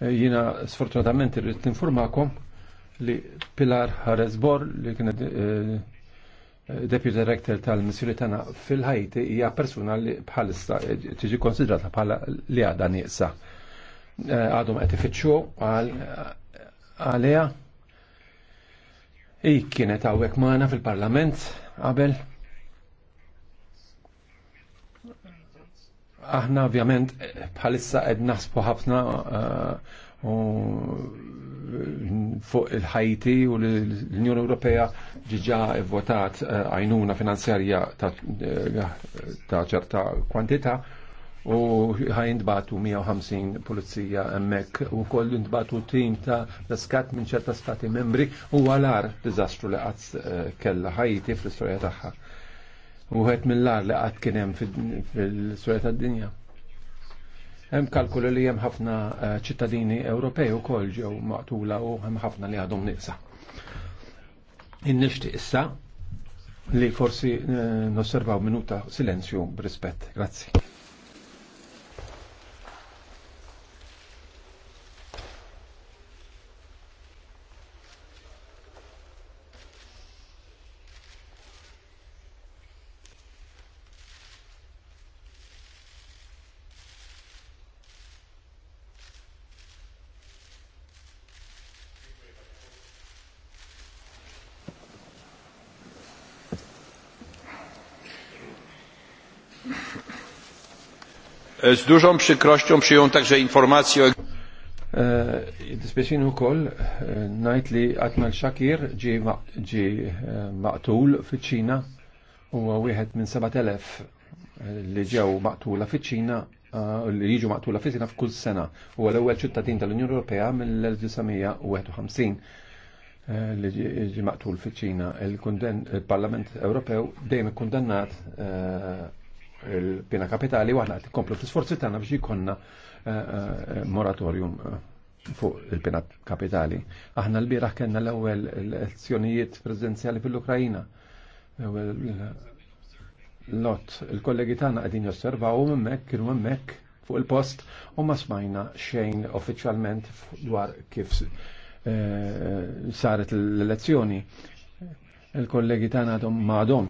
Eh, jina sfortunatament irrid informakom li Pilar Harez Bor li kienet eh, eh, Deputy Director tal-Missjoni tagħna fil-Ħajti hija persuna li bħalissa tiġi konsidrata bħala li għadha nieqsa. Għadhom qed ifittxu għalija i kienet hawnhekk magħna fil-Parlament qabel Aħna ovvjament bħalissa qed naħsbu ħafna eh, fuq il-ħajti u l-Unjoni Ewropea ġiġa votat eh, għajnuna finanzjarja eh, ta' ċerta kwantità u ħajndbatu 150 pulizija emmek u koll ndbatu tim ta' l-skat minn ċerta stati membri u għalar diżastru li għadz kella ħajti fl-istoria tagħha. U għet mill-lar li għat kienem fil-sujet għad-dinja. Hemm kalkulu li hemm ħafna eh, ċittadini Ewropej ukoll ġew maqtula u hemm ħafna li għadhom nieqsa. Innixti issa li forsi eh, nosservaw minuta silenzju b'rispett. Grazzi. E, z dużą przykrością przyjął także informację o... E, Dispeċin u koll, e, najt li Atmal Shakir ġi maqtul fiċina u għawihet minn 7000 li ġew maqtula fiċina u li jiġu maqtula fiċina f'kull sena u għal-ewel ċittadin tal-Unjoni Ewropea mill-1951 li ġi maqtul fiċina. Il-Parlament Ewropew dejjem ikkundannat il pina kapitali waħna għat komplu fl-sforzi tagħna biex jkollna eh, eh, moratorium eh, fuq il pina kapitali. Aħna l birax kellna l-ewwel elezzjonijiet prezidenziali fil-Ukrajina. Lot, il-kollegi tagħna qegħdin josservaw hemmhekk kienu hemmhekk fuq il-post u ma smajna xejn uffiċjalment dwar kif saret l-elezzjoni. Il-kollegi tagħna għadhom ma għadhom